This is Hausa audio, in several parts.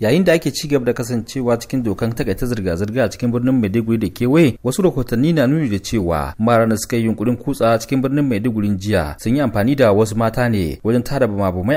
yayin da ake cigaba da kasancewa cikin dokan takaita zirga-zirga a cikin birnin maiduguri da kewaye wasu rahotanni na nuni da cewa maran da suka yi yunkurin kutsa cikin birnin maiduguri jiya sun yi amfani da wasu mata ne wajen tara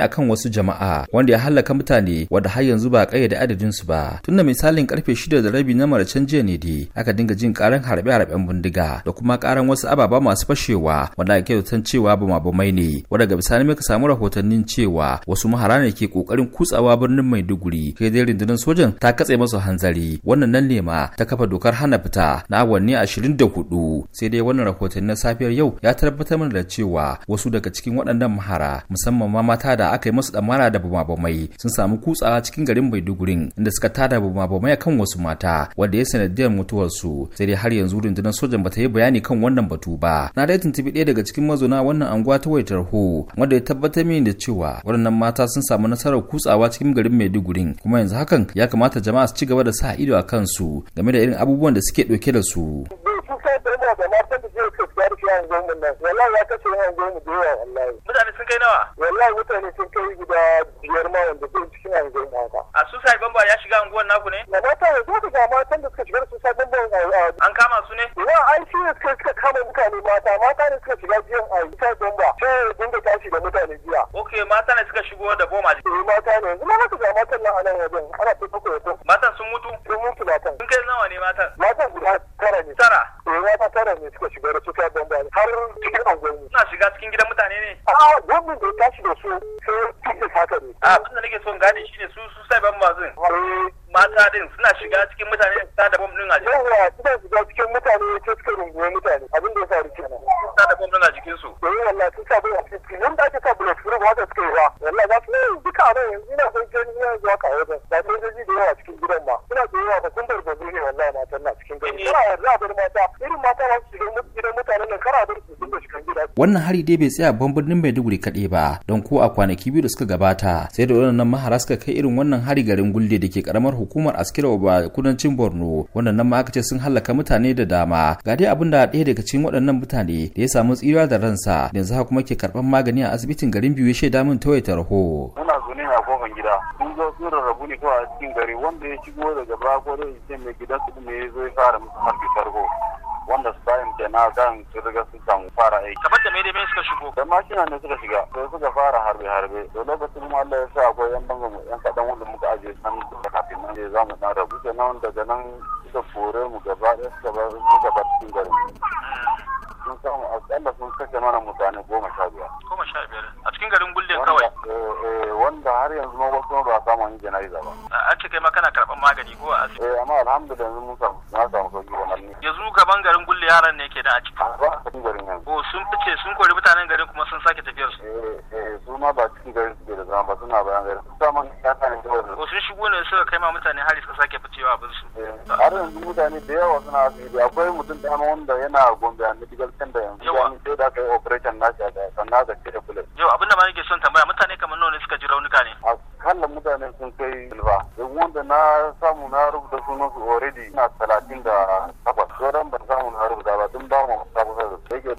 a kan wasu jama'a wanda ya halaka mutane wanda har yanzu ba kayyade adadin su ba tunda misalin karfe shida da rabi na mara jiya ne dai aka dinga jin karan harbe-harben bindiga da kuma karan wasu ababa masu fashewa wanda ake yautan cewa bamabamai ne wanda ga bisani muka samu rahotannin cewa wasu mahara ne ke kokarin kutsawa birnin maiduguri sai dai rundunar sojan ta katse masu hanzari wannan nan ne ma ta kafa dokar hana fita na awanni 24 sai dai wannan rahoton na safiyar yau ya tabbatar mana da cewa wasu daga cikin waɗannan mahara musamman ma mata da aka yi masu damara da bumabumai sun samu kutsawa cikin garin Maidugurin inda suka tada bumabumai kan wasu mata wanda ya sanadiyar mutuwarsu sai dai har yanzu rundunar sojan bata yi bayani kan wannan batu ba na dai tuntubi ɗaya daga cikin mazauna wannan anguwa ta waitar ho wanda ya tabbatar mini da cewa waɗannan mata sun samu nasarar kutsawa cikin garin Maidugurin kuma yanzu hakan ya kamata jama'a su ci gaba da sa ido a kansu game da irin abubuwan da suke ɗauke da su. Mutane sun kai nawa? Wallahi mutane sun kai guda biyar ma wanda sun cikin angon haka. A su sai bamba ya shiga anguwan naku ne? Na mata ne zo ga matan da suka shigar su sai bamba an kama su ne? wa ai shi ne suka kama mutane mata mata ne ok mata ne suka shigo da boma jiki eh mata ne kuma na ga matan nan a nan wajen ana ta koko yato matan sun mutu sun mutu matan sun kai nawa ne matan matan guda tara ne tara eh mata tara ne suka shigo da suka bomba har cikin anguwanni suna shiga cikin gidan mutane ne a gwamnan da ya tashi da su sai su sata ne a abin da nake son gane shine su su sai ban mazin eh. mata din suna shiga cikin mutane ta da bom din a jikin yawa suna shiga cikin mutane sai suka rungume mutane abin da ya faru kenan ta da bom din a jikin su eh wallahi sun sa bai a cikin irin duka abin yanzu ina son gani ina zuwa ka wajen ba sojoji da yawa cikin gidan ba ina da yawa ba kun bar barbaru ne wallahi matan na cikin gani kana yanzu a bar mata irin mata za su shiga gidan mutanen nan kana bar wannan hari dai bai tsaya babban birnin maiduguri kaɗai ba don ko a kwanaki biyu da suka gabata sai da wannan mahara suka kai irin wannan hari garin gulde da ke karamar hukumar askira a kudancin borno wannan nan ma aka ce sun hallaka mutane da dama ga dai abin da ɗaya daga cikin waɗannan mutane da ya samu tsira da ransa yanzu haka kuma ke karɓar magani a asibitin garin biyu ya shaida min tawaita raho. muna zaune a kofar gida sun zo sun rarrabu ne kawai a cikin gari wanda ya shigo daga bako da ya ce mai gidan su ne ya zo ya fara musu harbi farko wanda su sayin ke na kan su riga su samu fara aiki. Kamar da mai mai suka shigo. Da makina ne suka shiga sai suka fara harbe-harbe da lokacin mu Allah ya sa akwai yan bangon yan kaɗan wanda muka aje san da kafin nan ne za mu na rabu. nan daga nan suka kore mu gaba ɗaya suka bar suka bar cikin garin. Sun samu akalla sun kashe mana mutane goma sha biyar. Goma sha biyar a cikin garin Gulden kawai. Wanda eh, eh, har yanzu ma wasu ba a samu yin jana'iza ba. A cikin kai ma kana karɓar magani ko a Eh amma alhamdulillah yanzu mun samu. ce sun kori mutanen garin kuma sun sake tafiyar su. Eh, eh, su ma ba cikin garin suke da zama ba suna bayan garin. Su saman ya sa ne kawai. Ko sun shigo ne suka kai ma mutane hari suka sake ficewa abin su. Eh, har yanzu mutane da yawa suna asibiti akwai mutum da wanda yana gombe a medical center yanzu. Yawa. Sai da aka yi operation shi a sannan aka cire bullet. Yau abinda ma nake son tambaya mutane kamar nawa ne suka ji raunuka ne. kalla mutane sun kai silva duk wanda na samu na rubuta su already na talatin da takwas sauran ban samu na rubuta ba tun ba mu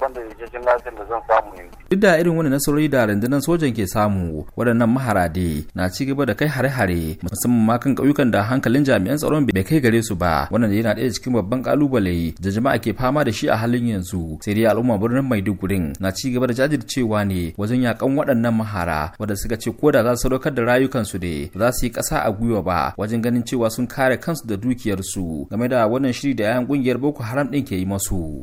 ban da jirgin lafiyar da zan samu yanzu. Duk da irin wani nasarori da rundunar sojan ke samu waɗannan maharade na ci gaba da kai hare-hare musamman ma kan ƙauyukan da hankalin jami'an tsaron bai kai gare su ba wannan yana ɗaya cikin babban ƙalubale da jama'a ke fama da shi a halin yanzu sai dai al'umma birnin maidugurin na ci gaba da jajircewa ne wajen yakan waɗannan mahara wanda suka ce ko da za su sadaukar da rayukansu ne za su yi ƙasa a gwiwa ba wajen ganin cewa sun kare kansu da dukiyarsu game da wannan shiri da 'ya'yan ƙungiyar Boko Haram ɗin ke yi masu.